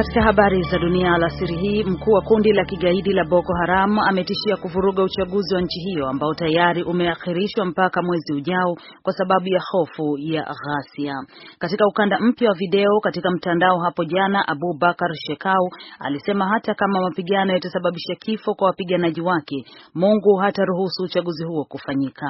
Katika habari za dunia alasiri hii, mkuu wa kundi la kigaidi la Boko Haram ametishia kuvuruga uchaguzi wa nchi hiyo ambao tayari umeakhirishwa mpaka mwezi ujao kwa sababu ya hofu ya ghasia. Katika ukanda mpya wa video katika mtandao hapo jana, Abu Bakar Shekau alisema hata kama mapigano yatasababisha kifo kwa wapiganaji wake, Mungu hataruhusu uchaguzi huo kufanyika.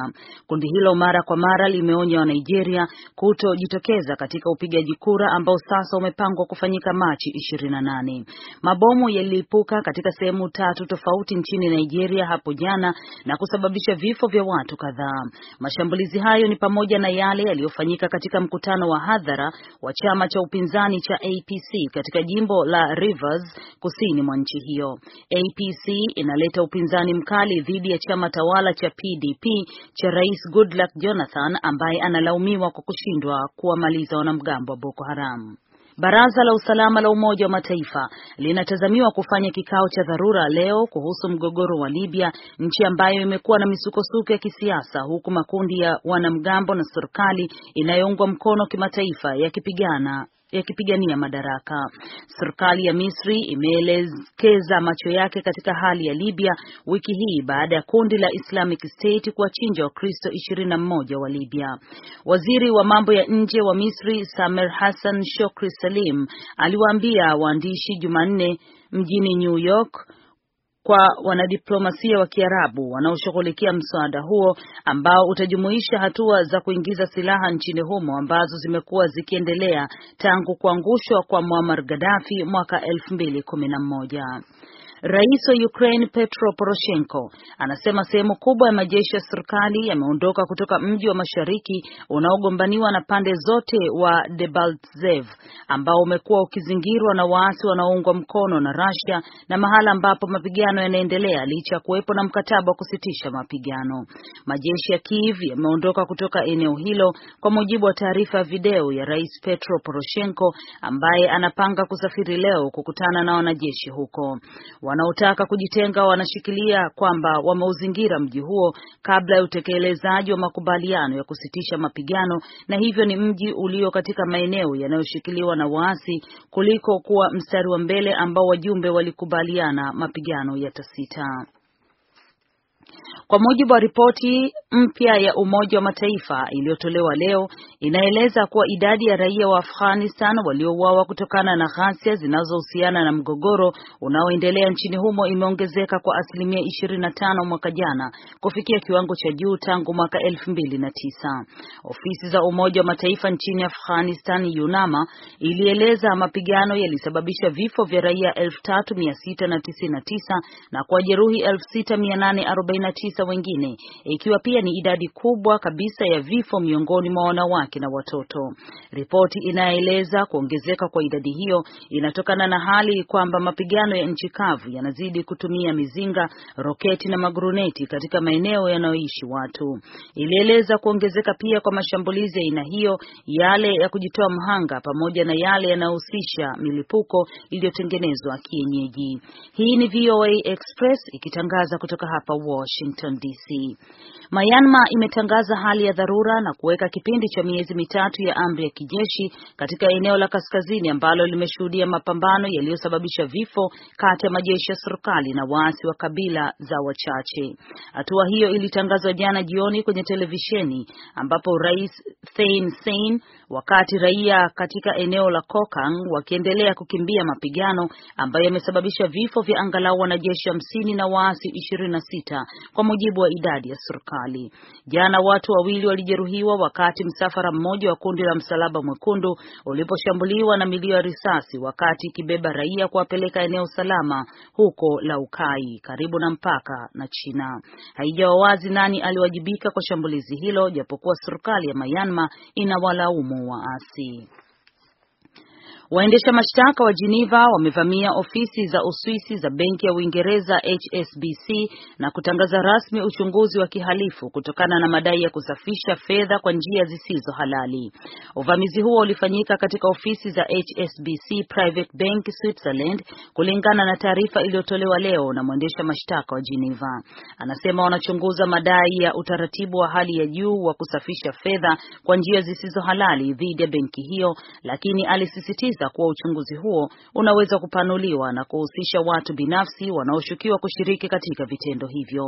Kundi hilo mara kwa mara limeonya wa Nigeria kutojitokeza katika upigaji kura ambao sasa umepangwa kufanyika Machi 28. Mabomu yalilipuka katika sehemu tatu tofauti nchini Nigeria hapo jana na kusababisha vifo vya watu kadhaa. Mashambulizi hayo ni pamoja na yale yaliyofanyika katika mkutano wa hadhara wa chama cha upinzani cha APC katika jimbo la Rivers kusini mwa nchi hiyo. APC inaleta upinzani mkali dhidi ya chama tawala cha PDP cha Rais Goodluck Jonathan ambaye analaumiwa kwa kushindwa kuwamaliza wanamgambo wa Boko Haram. Baraza la Usalama la Umoja wa Mataifa linatazamiwa kufanya kikao cha dharura leo kuhusu mgogoro wa Libya, nchi ambayo imekuwa na misukosuko ya kisiasa huku makundi ya wanamgambo na serikali inayoungwa mkono kimataifa yakipigana yakipigania madaraka. Serikali ya Misri imeelekeza macho yake katika hali ya Libya wiki hii baada ya kundi la Islamic State kuwachinja Wakristo 21 wa Libya. Waziri wa mambo ya nje wa Misri Samer Hassan Shokri Salim aliwaambia waandishi Jumanne mjini New York kwa wanadiplomasia wa Kiarabu wanaoshughulikia mswada huo ambao utajumuisha hatua za kuingiza silaha nchini humo ambazo zimekuwa zikiendelea tangu kuangushwa kwa Muammar Gaddafi mwaka 2011. Rais wa Ukraine Petro Poroshenko anasema sehemu kubwa ya majeshi ya serikali yameondoka kutoka mji wa mashariki unaogombaniwa na pande zote wa Debaltsev ambao umekuwa ukizingirwa na waasi wanaoungwa mkono na Russia na mahala ambapo mapigano yanaendelea licha ya kuwepo na mkataba wa kusitisha mapigano. Majeshi ya Kiev yameondoka kutoka eneo hilo kwa mujibu wa taarifa ya video ya Rais Petro Poroshenko ambaye anapanga kusafiri leo kukutana na wanajeshi huko. Wanaotaka kujitenga wanashikilia kwamba wameuzingira mji huo kabla ya utekelezaji wa makubaliano ya kusitisha mapigano, na hivyo ni mji ulio katika maeneo yanayoshikiliwa na waasi kuliko kuwa mstari wa mbele ambao wajumbe walikubaliana mapigano yatasita. Kwa mujibu wa ripoti mpya ya Umoja wa Mataifa iliyotolewa leo inaeleza kuwa idadi ya raia wa Afghanistan waliouawa kutokana na ghasia zinazohusiana na mgogoro unaoendelea nchini humo imeongezeka kwa asilimia 25 mwaka jana kufikia kiwango cha juu tangu mwaka 2009. Ofisi za Umoja wa Mataifa nchini Afghanistan UNAMA ilieleza mapigano yalisababisha vifo vya raia 3699 na kuwajeruhi 6849 wengine ikiwa pia pia ni idadi kubwa kabisa ya vifo miongoni mwa wanawake na watoto. Ripoti inaeleza kuongezeka kwa idadi hiyo inatokana na hali kwamba mapigano ya nchi kavu yanazidi kutumia mizinga, roketi na maguruneti katika maeneo yanayoishi watu. Ilieleza kuongezeka pia kwa mashambulizi ya aina hiyo, yale ya kujitoa mhanga pamoja na yale yanayohusisha milipuko iliyotengenezwa kienyeji. Hii ni VOA Express ikitangaza kutoka hapa Washington DC. Myanmar imetangaza hali ya dharura na kuweka kipindi cha miezi mitatu ya amri ya kijeshi katika eneo la kaskazini ambalo limeshuhudia mapambano yaliyosababisha vifo kati ya majeshi ya serikali na waasi wa kabila za wachache. Hatua hiyo ilitangazwa jana jioni kwenye televisheni ambapo Rais Thein Sein, wakati raia katika eneo la Kokang wakiendelea kukimbia mapigano ambayo yamesababisha vifo vya angalau wanajeshi hamsini na waasi 26 kwa mujibu wa idadi ya serikali. Israeli. Jana watu wawili walijeruhiwa wakati msafara mmoja wa kundi la Msalaba Mwekundu uliposhambuliwa na milio ya risasi wakati ikibeba raia kuwapeleka eneo salama huko Laukai karibu na mpaka na China. Haijawa wazi nani aliwajibika kwa shambulizi hilo, japokuwa serikali ya Myanmar inawalaumu waasi. Waendesha mashtaka wa Geneva wamevamia ofisi za Uswisi za benki ya Uingereza HSBC na kutangaza rasmi uchunguzi wa kihalifu kutokana na madai ya kusafisha fedha kwa njia zisizo halali. Uvamizi huo ulifanyika katika ofisi za HSBC Private Bank Switzerland, kulingana na taarifa iliyotolewa leo na mwendesha mashtaka wa Geneva. Anasema wanachunguza madai ya utaratibu wa hali ya juu wa kusafisha fedha kwa njia zisizo halali dhidi ya benki hiyo, lakini alisisitiza kusisitiza kuwa uchunguzi huo unaweza kupanuliwa na kuhusisha watu binafsi wanaoshukiwa kushiriki katika vitendo hivyo.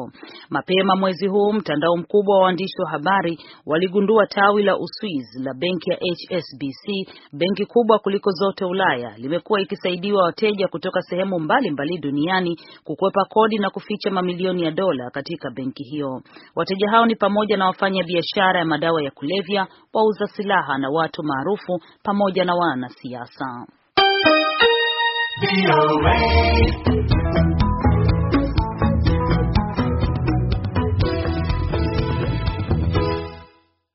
Mapema mwezi huu, mtandao mkubwa wa waandishi wa habari waligundua tawi la Uswiz la benki ya HSBC, benki kubwa kuliko zote Ulaya, limekuwa ikisaidiwa wateja kutoka sehemu mbalimbali mbali duniani kukwepa kodi na kuficha mamilioni ya dola katika benki hiyo. Wateja hao ni pamoja na wafanya biashara ya madawa ya kulevya, wauza silaha na watu maarufu pamoja na wanasiasa. song.